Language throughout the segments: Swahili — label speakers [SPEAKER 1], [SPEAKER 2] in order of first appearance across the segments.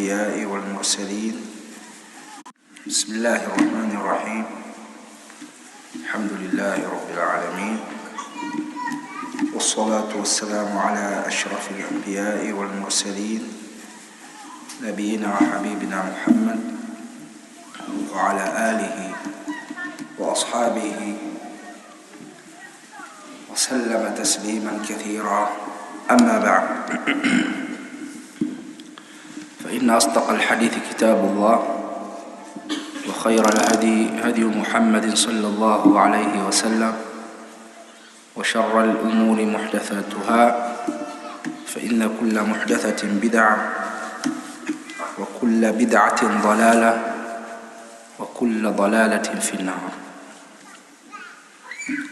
[SPEAKER 1] الأنبياء والمرسلين بسم الله الرحمن الرحيم الحمد لله رب العالمين والصلاة والسلام على أشرف الأنبياء والمرسلين نبينا وحبيبنا محمد وعلى آله وأصحابه وسلم تسليما كثيرا أما بعد فإن أصدق الحديث كتاب الله وخير الهدي هدي محمد صلى الله عليه وسلم وشر الأمور محدثاتها فإن كل محدثة بدعة وكل بدعة ضلالة وكل ضلالة في النار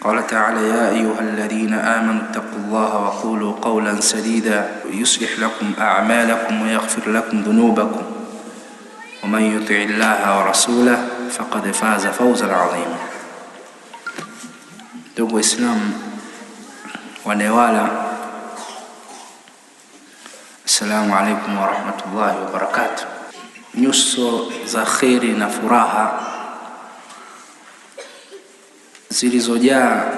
[SPEAKER 1] قال تعالى يا أيها الذين آمنوا اتقوا الله وقولوا قولا سديدا يصلح لكم أعمالكم ويغفر لكم ذنوبكم ومن يطع الله ورسوله فقد فاز فوزا عظيما ndugu إسلام ونوالا السلام عليكم ورحمة الله وبركاته نصو زخيرنا فراها zilizojaa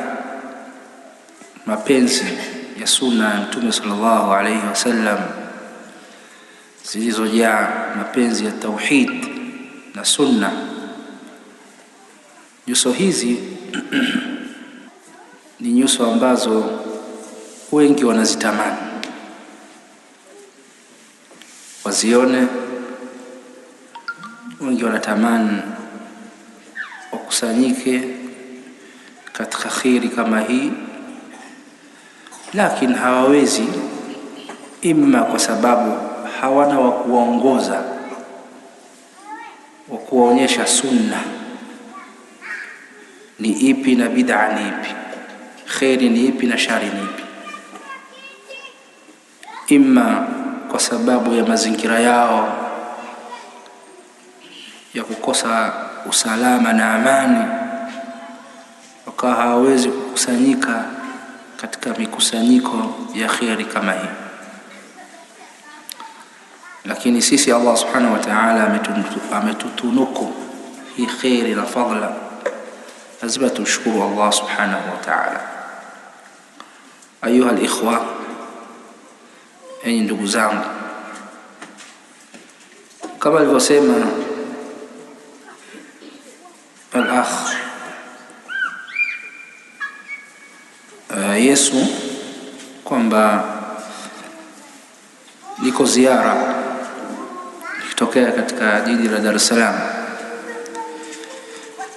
[SPEAKER 1] mapenzi ya sunna ya Mtume sallallahu alaihi wasallam, zilizojaa mapenzi ya tauhid na sunna. Nyuso hizi ni nyuso ambazo wengi wanazitamani wazione, wengi wanatamani wakusanyike katika kheri kama hii, lakini hawawezi, imma kwa sababu hawana wa kuwaongoza wa kuwaonyesha sunna ni ipi na bid'a ni ipi, kheri ni ipi na shari ni ipi, imma kwa sababu ya mazingira yao ya kukosa usalama na amani ukawa hawawezi kukusanyika katika mikusanyiko ya kheri kama hii. Lakini sisi Allah subhanahu wa ta'ala ametutunuku hii kheri na fadla, lazima tumshukuru Allah subhanahu wa ta'ala. Ayuha alikhwa, enyi ndugu zangu, kama alivyosema al-akh Eh, Yesu kwamba liko ziara ikitokea katika jiji la Dar es Salaam.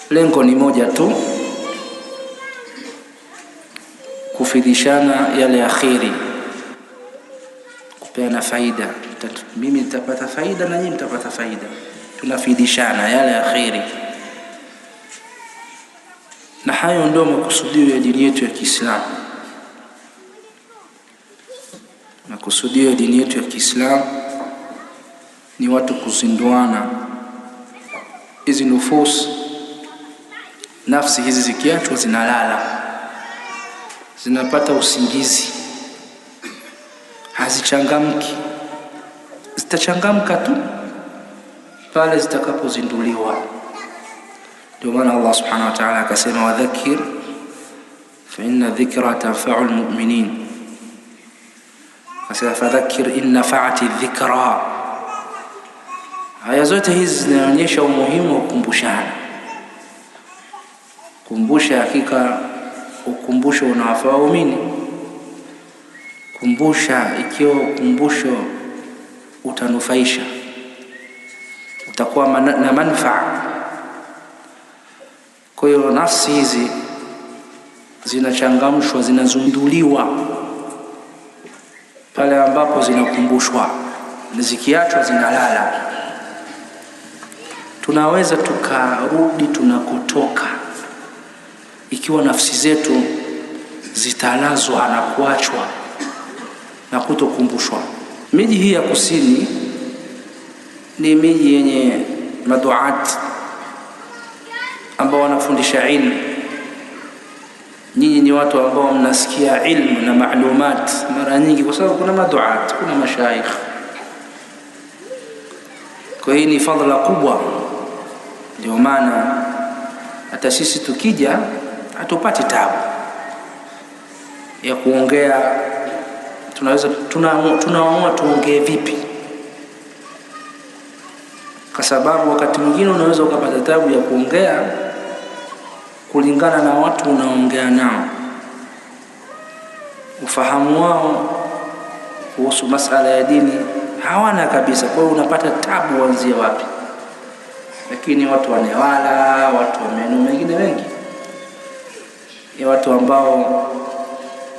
[SPEAKER 1] Lengo ni moja tu, kufidishana yale akhiri, kupeana faida. Mimi nitapata faida na nyinyi mtapata faida, tunafidishana yale akhiri na hayo ndio makusudio ya dini yetu ya Kiislamu. Makusudio ya dini yetu ya Kiislamu ni watu kuzinduana, hizi nufus, nafsi hizi zikiachwa zinalala, zinapata usingizi, hazichangamki. Zitachangamka tu pale zitakapozinduliwa. Ndio maana Allah subhanahu wa ta'ala akasema wadhakir fa inna dhikra tanfa'ul mu'minin, akasema fadhakir in nafa'ati dhikra. Haya zote hizi zinaonyesha umuhimu wa kukumbushana. Kumbusha, hakika ukumbusho unawafaa waumini. Kumbusha ikiwa ukumbusho utanufaisha, utakuwa na manufaa Kwa hiyo nafsi hizi zinachangamshwa, zinazunduliwa pale ambapo zinakumbushwa, zikiachwa zinalala. Tunaweza tukarudi tunakotoka ikiwa nafsi zetu zitalazwa na kuachwa na kutokumbushwa. Miji hii ya kusini ni miji yenye maduati ambao wanafundisha ilmu. Nyinyi ni watu ambao mnasikia ilmu na maalumat mara nyingi, kwa sababu kuna maduat, kuna mashaikh. Kwa hii ni fadhla kubwa, ndio maana hata sisi tukija hatupati tabu ya kuongea. Tunaweza tunaamua tunaamua tuongee vipi kwa sababu wakati mwingine unaweza ukapata tabu ya kuongea kulingana na watu unaongea nao, ufahamu wao kuhusu masala ya dini hawana kabisa. Kwa hiyo unapata tabu, wanzie wapi? Lakini watu wanewala, watu wa maeneo mengine mengi ni watu ambao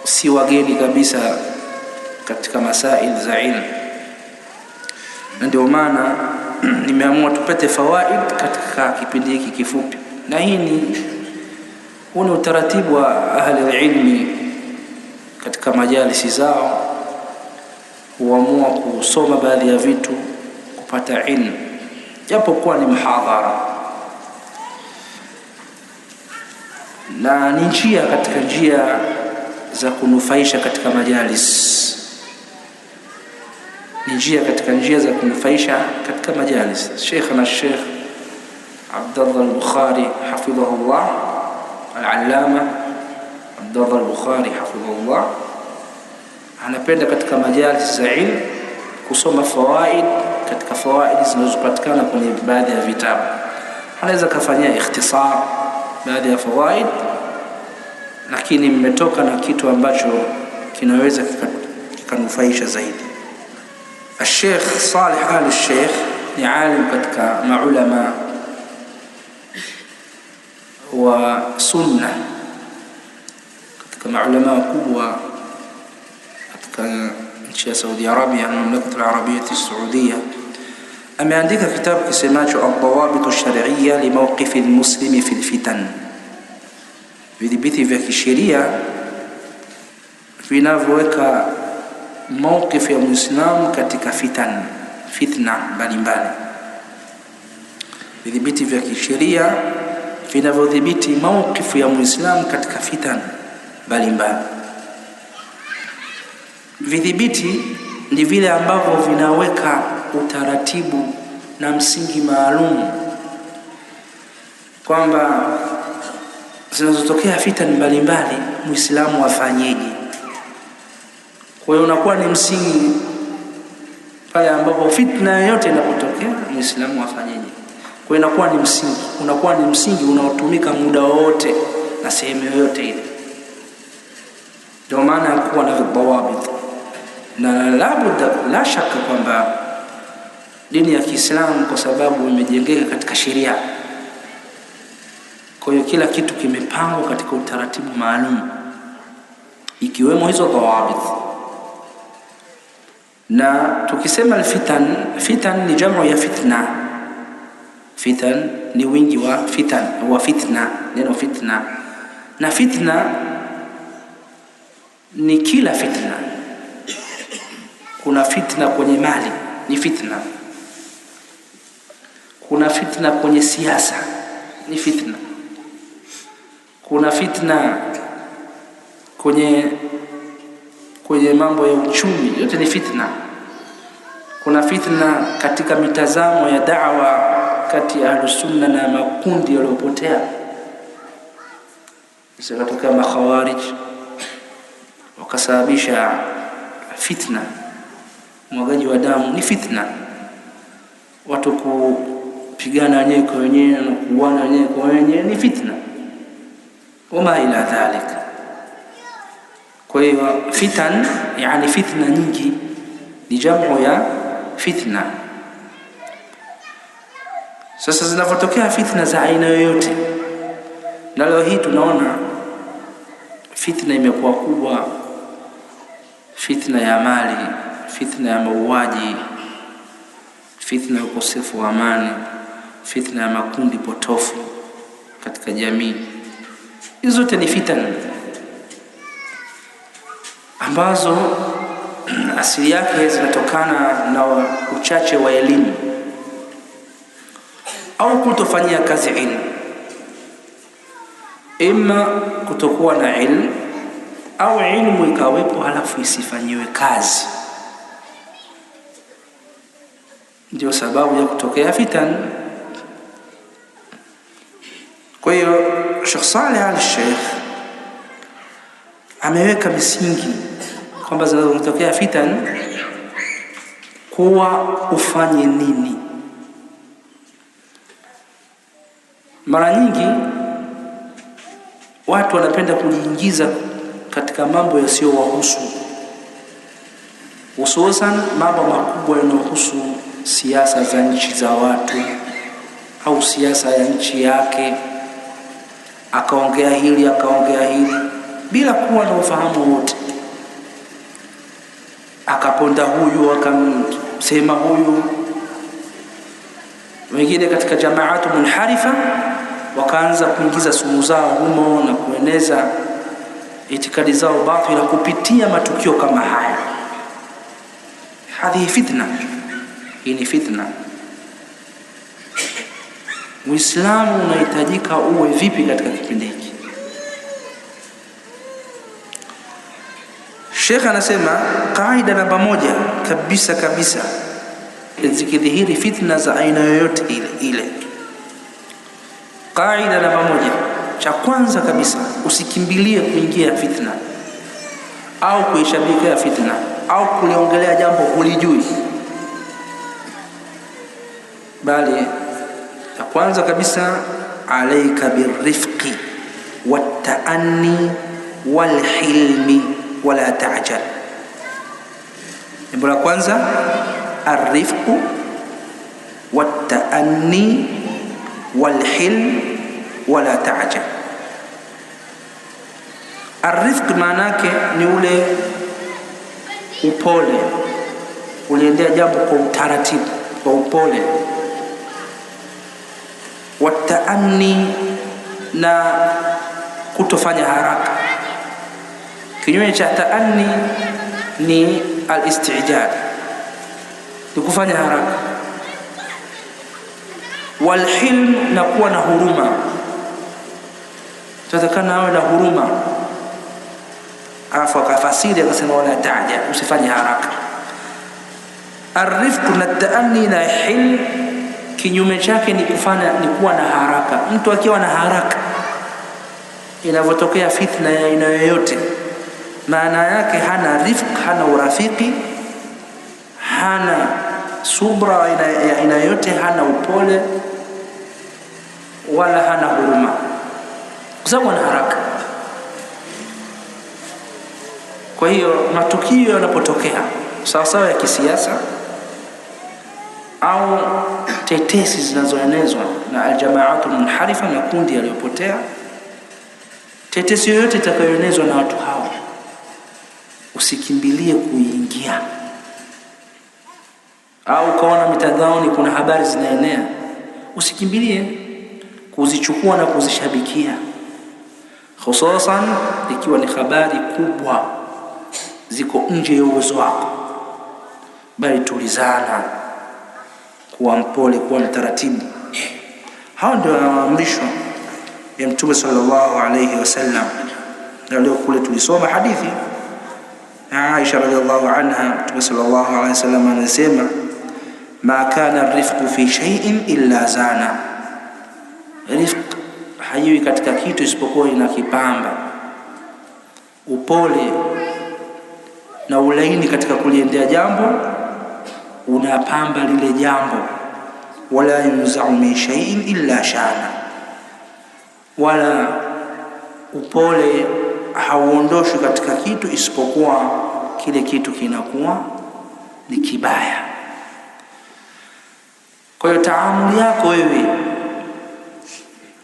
[SPEAKER 1] si wageni kabisa katika masail za ilmu, na ndio maana nimeamua tupate fawaid katika kipindi hiki kifupi, na hii ni huu ni utaratibu wa ahli ilmi katika majalisi zao, huamua kusoma baadhi ya vitu kupata ilmu, japo kuwa ni mhadhara, na ni njia katika njia za kunufaisha katika majalisi njia katika njia za kunufaisha katika majalis. Sheikh na Sheikh Abdullah al-Bukhari hafidhahullah, al-Allama Abdullah al-Bukhari hafidhahullah anapenda katika majalis za ilmu kusoma fawaid katika fawaid zinazopatikana kwenye baadhi ya vitabu. Anaweza kafanyia ikhtisar baadhi ya fawaid, lakini mmetoka na kitu ambacho kinaweza kikanufaisha zaidi. الشيخ صالح آل الشيخ لعالم بدكا مع علماء وسنة بدكا مع علماء قوة بدكا نشيا سعودية عربية المملكة العربية السعودية أما عندك كتاب كسماجه الضوابط الشرعية لموقف المسلم في الفتن في بيتي في الشريعة في نافوكا mauqif ya mwislamu katika fitan fitna mbalimbali, vidhibiti vya kisheria vinavyodhibiti mauqifu ya muislamu katika fitan mbalimbali. Vidhibiti ni vile ambavyo vinaweka utaratibu na msingi maalum kwamba zinazotokea fitan mbalimbali muislamu afanyeje kwa hiyo unakuwa ni msingi pale ambapo fitna yoyote inapotokea, Muislamu afanyeje? Kwa hiyo inakuwa ni msingi, unakuwa ni msingi unaotumika muda wote na sehemu yoyote ile. Ndio maana ya kuwa na dawabit na labda, la shaka kwamba dini ya Kiislamu kwa sababu imejengeka katika sheria, kwa hiyo kila kitu kimepangwa katika utaratibu maalum, ikiwemo hizo dawabit na tukisema alfitan, fitan ni jamu ya fitna. Fitan ni wingi wa fitan, wa fitna, neno fitna. Na fitna ni kila fitna. Kuna fitna kwenye mali ni fitna, kuna fitna kwenye siasa ni fitna, kuna fitna kwenye kwenye mambo ya uchumi, yote ni fitna kuna fitna katika mitazamo ya dawa kati ya ahlusunna na makundi yaliyopotea, zikatokea makhawarij wakasababisha fitna. Mwagaji wa damu ni fitna, watu kupigana wenyewe kwa wenyewe na kuuana wenyewe kwa wenyewe ni fitna, wama ila dhalik. Kwa hiyo fitan, yani fitna nyingi ni jamu ya fitna. Sasa zinavyotokea fitna za aina yoyote, na leo hii tunaona fitna imekuwa kubwa, fitna ya mali, fitna ya mauaji, fitna ya ukosefu wa amani, fitna ya makundi potofu katika jamii. Hizo zote ni fitna ambazo asili yake zinatokana na uchache wa elimu au kutofanyia kazi ilmu, ima kutokuwa na ilmu au ilmu ikawepo halafu isifanyiwe kazi. Ndio sababu ya kutokea fitan. Kwa hiyo Sheikh Saleh al-Sheikh ameweka misingi kwamba zinazotokea fitan, kuwa ufanye nini? Mara nyingi watu wanapenda kujiingiza katika mambo yasiyowahusu, hususan mambo makubwa yanayohusu siasa za nchi za watu au siasa ya nchi yake, akaongea hili akaongea hili bila kuwa na ufahamu wote akaponda huyu akamsema huyu. Wengine katika jamaatu munharifa wakaanza kuingiza sumu zao humo na kueneza itikadi zao batila kupitia matukio kama haya. Hadhihi fitna, hii ni fitna. Muislamu unahitajika uwe vipi katika kipindi hiki? Sheikh anasema kaida namba moja kabisa kabisa, zikidhihiri fitna za aina yoyote ile ile, kaida namba moja, cha kwanza kabisa, usikimbilie kuingia fitna au kuishabikia fitna au kuliongelea jambo hulijui, bali cha kwanza kabisa, alaika birifqi wataani walhilmi wala tajal. Jambo la kwanza arifqu wataanni walhil wala tajal Arifq maana yake ni ule upole, uliendea jambo kwa utaratibu, kwa upole. Wataanni na kutofanya haraka Kinyume cha taanni ni alistijab ni kufanya haraka. Walhilm, na kuwa na huruma. Tunatakana awe na huruma, alafu akafasiri akasema, wala taja, usifanye haraka. Arifku na taanni na hilm kinyume chake ni kufanya ni kuwa na haraka. Mtu akiwa na haraka, inavyotokea fitna ya aina yoyote maana yake hana rifq, hana urafiki, hana subra ya aina yote, hana upole wala hana huruma, kwa sababu ana haraka. Kwa hiyo matukio yanapotokea sawasawa ya kisiasa au tetesi zinazoenezwa na aljamaatu munharifa, makundi yaliyopotea, tetesi yoyote itakayoenezwa na watu hawa usikimbilie kuingia. Au ukaona mitandaoni kuna habari zinaenea, usikimbilie kuzichukua na kuzishabikia, hususan ikiwa ni habari kubwa ziko nje ya uwezo wako, bali tulizana, kuwa mpole, kuwa mtaratibu. Hao ndio maamrisho ya Mtume sallallahu alayhi wasallam, na leo kule tulisoma hadithi na Aisha radhiallahu anha, Mtume sallallahu alaihi wasallam anasema ma kana rifqu fi shay'in illa zana, rifq haiwi katika kitu isipokuwa inakipamba. Upole na ulaini katika kuliendea jambo unapamba lile jambo. wala yunzau min shay'in illa shana, wala upole hauondoshwi katika kitu isipokuwa kile kitu kinakuwa ni kibaya. Kwa hiyo taamuli yako wewe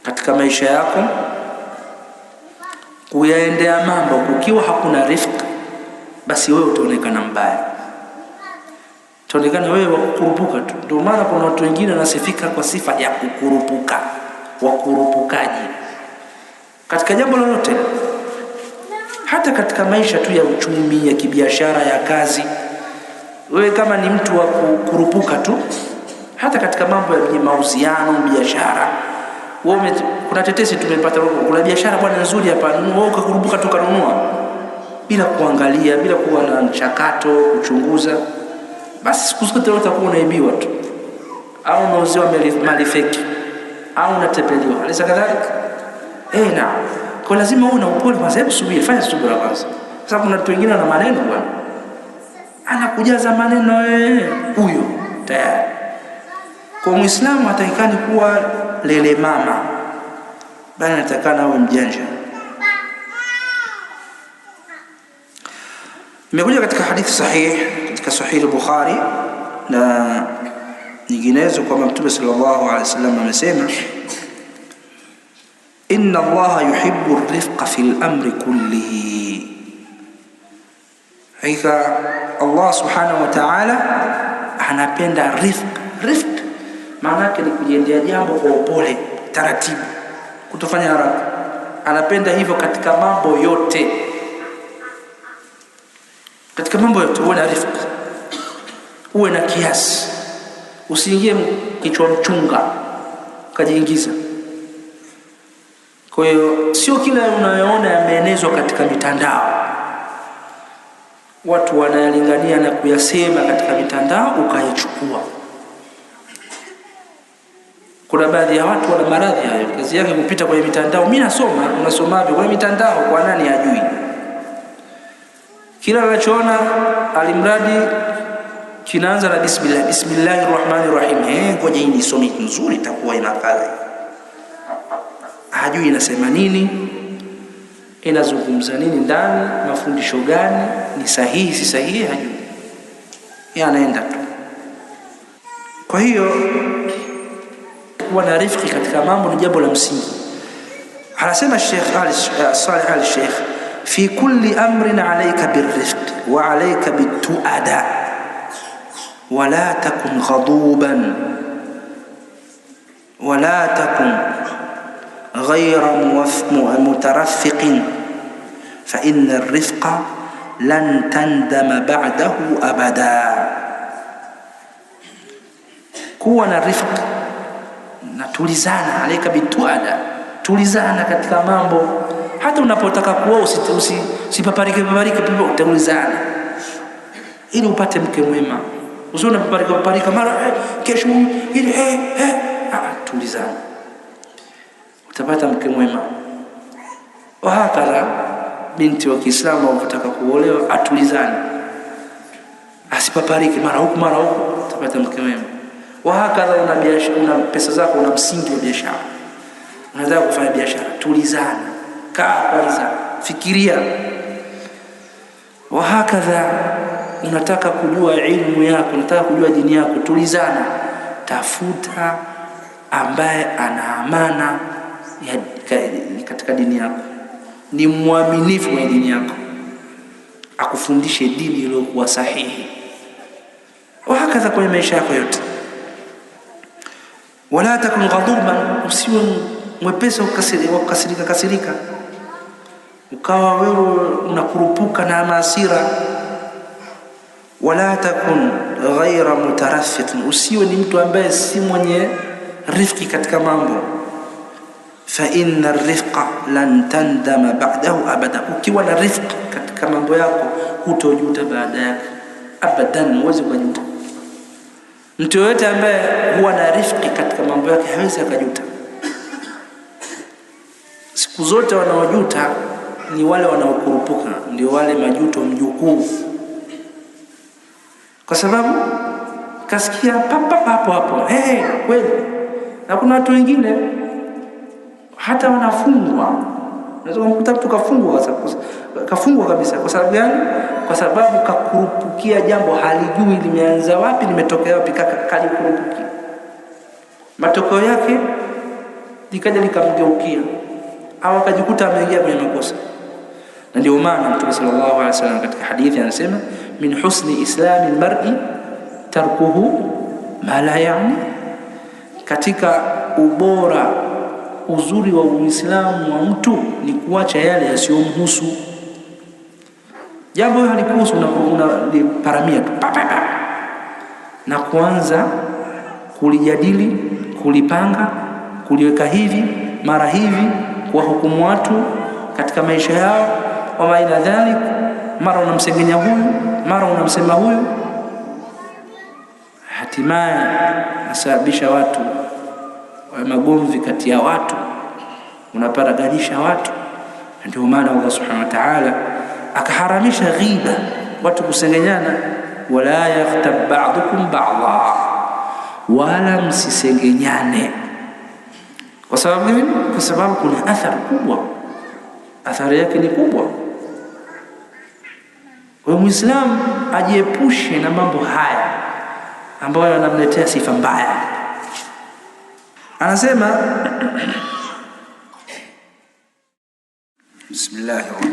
[SPEAKER 1] katika maisha yako kuyaendea mambo kukiwa hakuna rifqi, basi wewe utaonekana mbaya, utaonekana wewe wakukurupuka tu. Ndio maana kuna watu wengine wanasifika kwa sifa ya kukurupuka, wakurupukaji katika jambo lolote hata katika maisha tu ya uchumi, ya kibiashara, ya kazi. Wewe kama ni mtu wa kukurupuka tu, hata katika mambo ya mahusiano, biashara, wewe kuna tetesi tumepata, kuna biashara bwana nzuri hapa, wewe ukakurupuka tu kanunua bila kuangalia, bila kuwa na mchakato kuchunguza, basi siku zote utakuwa unaibiwa tu, au unauziwa mali feki, au unatepeliwa, alisa kadhalika. Eh, kwa lazima uwe na upole kwanza, hebu subiri, fanya subira kwanza. Sababu kuna watu wengine wana maneno bwana. Anakujaza maneno eh, huyo tayari. Kwa Muislamu atakikani kuwa lele mama. Bali anatakana awe mjanja. Imekuja katika hadithi sahihi katika Sahih al-Bukhari na nyinginezo kwamba Mtume sallallahu alaihi wasallam amesema inna allaha yuhibbu rifqa fi amri kullihi, hakika Allah subhanahu wa ta'ala anapenda rifq. Rifq maana yake ni kujiendea jambo kwa upole, taratibu, kutofanya haraka. Anapenda hivyo katika mambo yote, katika mambo yote uwe na rifq, uwe na kiasi, usiingie kichwa mchunga ukajiingiza kwa hiyo sio kila unayoona yameenezwa katika mitandao watu wanayalingania na kuyasema katika mitandao ukayachukua. Kuna baadhi ya watu wana maradhi hayo, kazi yake kupita kwenye mitandao. Mimi nasoma, unasomaje kwenye mitandao? Kwa nani ajui? Kila anachoona alimradi kinaanza na bismillah, bismillahir rahmanir rahim. Eh, ngoja hii nisome nzuri, itakuwa ina hajui inasema nini, inazungumza nini ndani, mafundisho gani ni sahihi, si sahihi, hajui, yeye anaenda tu. Kwa hiyo kuwa na rifiki katika mambo ni jambo la msingi. Anasema Sheikh Ali Saleh Al Sheikh, fi kulli amrin alayka birifq wa alayka bituada wala takun ghaduban wala takun غير مترفق فإن الرفق لن تندم بعده أبدا كون الرفق نتولزان عليك بالتوالى تولزان كتلا مامبو حتى نبوتك كوو ستوسي سيبابريك بباريك بيبو تولزان إلي أبات مكموما وصونا بباريك بباريك مارا كشو إلي هي هي تولزان utapata mke mwema. Wahakadha, binti wa Kiislamu anapotaka kuolewa atulizane, asipapariki mara huku mara huku, utapata mke mwema. Wahakadha, una biashara, una pesa zako, una msingi wa biashara, unataka kufanya biashara, tulizane, kaa kwanza, fikiria. Wahakadha, unataka kujua ilmu yako, unataka kujua dini yako, tulizana, tafuta ambaye ana amana katika dini yako, ni mwaminifu kwenye dini yako, akufundishe dini iliyokuwa sahihi. Wahakadha kwenye maisha yako yote. Wala takun ghaduban usiwe mwepesi wa kukasirika kasirika, ukawa wewe unakurupuka na maasira. Wala takun ghaira mutarafiqin, usiwe ni mtu ambaye si mwenye rifiki katika mambo fa inna rifqa lan tandama ba'dahu abada, ukiwa na rifq katika mambo yako hutojuta baada yake abadan, huwezi ukajuta. Mtu yoyote ambaye huwa na rifqi katika mambo yake hawezi akajuta. Siku zote wanaojuta ni wale wanaokurupuka, ndio wale majuto mjukuu, kwa sababu kasikia papapapo hapo, hey, kweli. Na kuna watu wengine hata wanafungwa unaweza kumkuta mtu kafungwa, kafungwa kabisa. Kwa sababu gani? Kwa sababu kakurupukia jambo halijui limeanza wapi limetokea wapi, kalikurupukia. Matokeo yake likaja likamgeukia, au akajikuta ameingia kwenye makosa. Na ndio maana Mtume sallallahu alaihi wasallam katika hadithi anasema, min husni islami lmari tarkuhu ma la yani, katika ubora uzuri wa Uislamu wa mtu ni kuacha yale yasiyomhusu. Jambo hilo halikuhusu, unaliparamia tu na kuanza kulijadili, kulipanga, kuliweka hivi mara hivi, kuwahukumu watu katika maisha yao, wama ila dhalik. Mara unamsengenya huyu, mara unamsema huyu, hatimaye nasababisha watu magomvi kati ya watu, unaparaganisha watu. Ndio maana Allah subhanahu wa ta'ala akaharamisha ghiba, watu kusengenyana. Wala yaghtab ba'dukum ba'dha, wala msisengenyane. Kwa sababu nini? Kwa sababu kuna athari kubwa, athari yake ni kubwa. Kwa Muislamu ajiepushe na mambo haya ambayo yanamletea sifa mbaya anasema Bismillahirrahmanirrahim